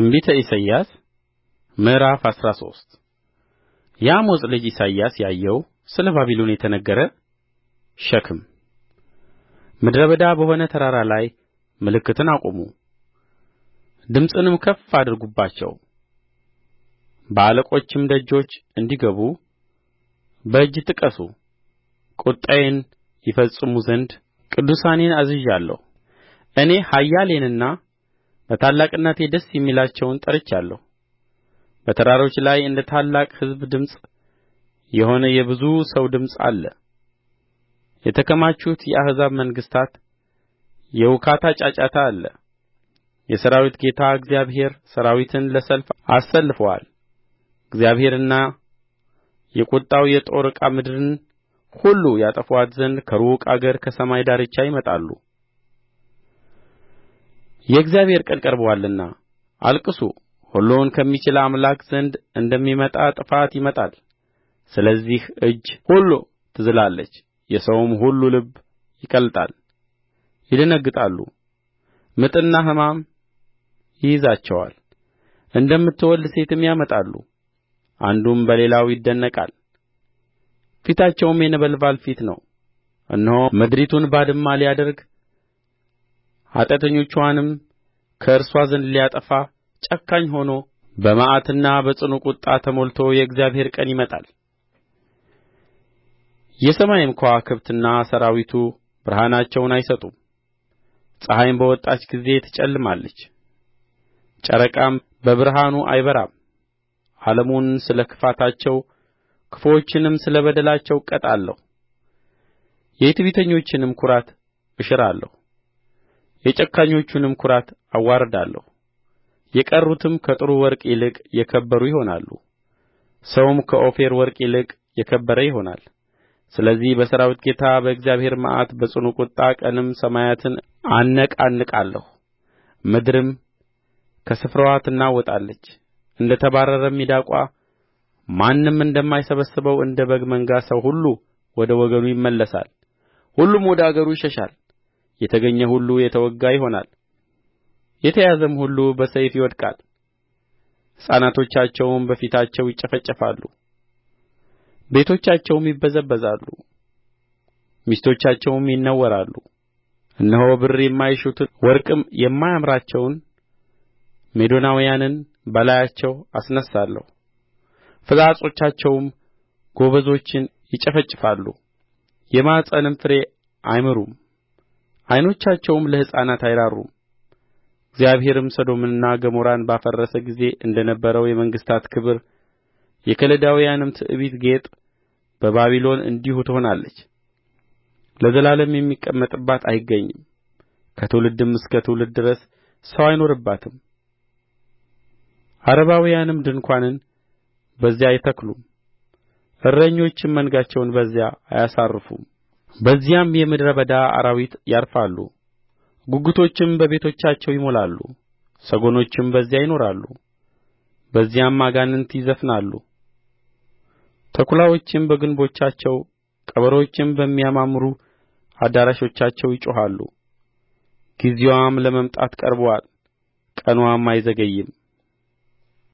ትንቢተ ኢሳይያስ ምዕራፍ አስራ ሶስት የአሞጽ ልጅ ኢሳይያስ ያየው ስለ ባቢሎን የተነገረ ሸክም። ምድረ በዳ በሆነ ተራራ ላይ ምልክትን አቁሙ፣ ድምፅንም ከፍ አድርጉባቸው። በአለቆችም ደጆች እንዲገቡ በእጅ ጥቀሱ። ቍጣዬን ይፈጽሙ ዘንድ ቅዱሳኔን አዝዣለሁ። እኔ ኃያሌንና በታላቅነቴ ደስ የሚላቸውን ጠርቻለሁ በተራሮች ላይ እንደ ታላቅ ሕዝብ ድምፅ የሆነ የብዙ ሰው ድምፅ አለ የተከማቹት የአሕዛብ መንግሥታት የውካታ ጫጫታ አለ የሠራዊት ጌታ እግዚአብሔር ሠራዊትን ለሰልፍ አሰልፎአል እግዚአብሔርና የቍጣው የጦር ዕቃ ምድርን ሁሉ ያጠፉአት ዘንድ ከሩቅ አገር ከሰማይ ዳርቻ ይመጣሉ የእግዚአብሔር ቀን ቀርቦአልና አልቅሱ ሁሉን ከሚችል አምላክ ዘንድ እንደሚመጣ ጥፋት ይመጣል ስለዚህ እጅ ሁሉ ትዝላለች የሰውም ሁሉ ልብ ይቀልጣል ይደነግጣሉ ምጥና ሕማም ይይዛቸዋል እንደምትወልድ ሴትም ያመጣሉ። አንዱም በሌላው ይደነቃል ፊታቸውም የነበልባል ፊት ነው እነሆ ምድሪቱን ባድማ ሊያደርግ ኃጢአተኞችዋንም ከእርስዋ ዘንድ ሊያጠፋ ጨካኝ ሆኖ በመዓትና በጽኑ ቍጣ ተሞልቶ የእግዚአብሔር ቀን ይመጣል የሰማይም ከዋክብትና ሠራዊቱ ብርሃናቸውን አይሰጡም ፀሐይም በወጣች ጊዜ ትጨልማለች ጨረቃም በብርሃኑ አይበራም ዓለሙን ስለ ክፋታቸው ክፉዎችንም ስለ በደላቸው እቀጣለሁ የትዕቢተኞችንም ኵራት እሽራለሁ የጨካኞቹንም ኵራት አዋርዳለሁ የቀሩትም ከጥሩ ወርቅ ይልቅ የከበሩ ይሆናሉ ሰውም ከኦፊር ወርቅ ይልቅ የከበረ ይሆናል ስለዚህ በሠራዊት ጌታ በእግዚአብሔር መዓት በጽኑ ቍጣ ቀንም ሰማያትን አነቃንቃለሁ ምድርም ከስፍራዋ ትናወጣለች እንደ ተባረረም ሚዳቋ ማንም እንደማይሰበስበው እንደ በግ መንጋ ሰው ሁሉ ወደ ወገኑ ይመለሳል ሁሉም ወደ አገሩ ይሸሻል የተገኘ ሁሉ የተወጋ ይሆናል የተያዘም ሁሉ በሰይፍ ይወድቃል ሕፃናቶቻቸውም በፊታቸው ይጨፈጨፋሉ ቤቶቻቸውም ይበዘበዛሉ ሚስቶቻቸውም ይነወራሉ እነሆ ብር የማይሹትን ወርቅም የማያምራቸውን ሜዶናውያንን በላያቸው አስነሣለሁ ፍላጾቻቸውም ጎበዞችን ይጨፈጭፋሉ የማኅፀንም ፍሬ አይምሩም ዓይኖቻቸውም ለሕፃናት አይራሩም እግዚአብሔርም ሰዶምንና ገሞራን ባፈረሰ ጊዜ እንደ ነበረው የመንግሥታት ክብር የከለዳውያንም ትዕቢት ጌጥ በባቢሎን እንዲሁ ትሆናለች ለዘላለም የሚቀመጥባት አይገኝም ከትውልድም እስከ ትውልድ ድረስ ሰው አይኖርባትም ዓረባውያንም ድንኳንን በዚያ አይተክሉም እረኞችም መንጋቸውን በዚያ አያሳርፉም በዚያም የምድረ በዳ አራዊት ያርፋሉ ጕጕቶችም በቤቶቻቸው ይሞላሉ ሰጐኖችም በዚያ ይኖራሉ በዚያም አጋንንት ይዘፍናሉ ተኵላዎችም በግንቦቻቸው ቀበሮችም በሚያማምሩ አዳራሾቻቸው ይጮኻሉ ጊዜዋም ለመምጣት ቀርቦአል ቀንዋም አይዘገይም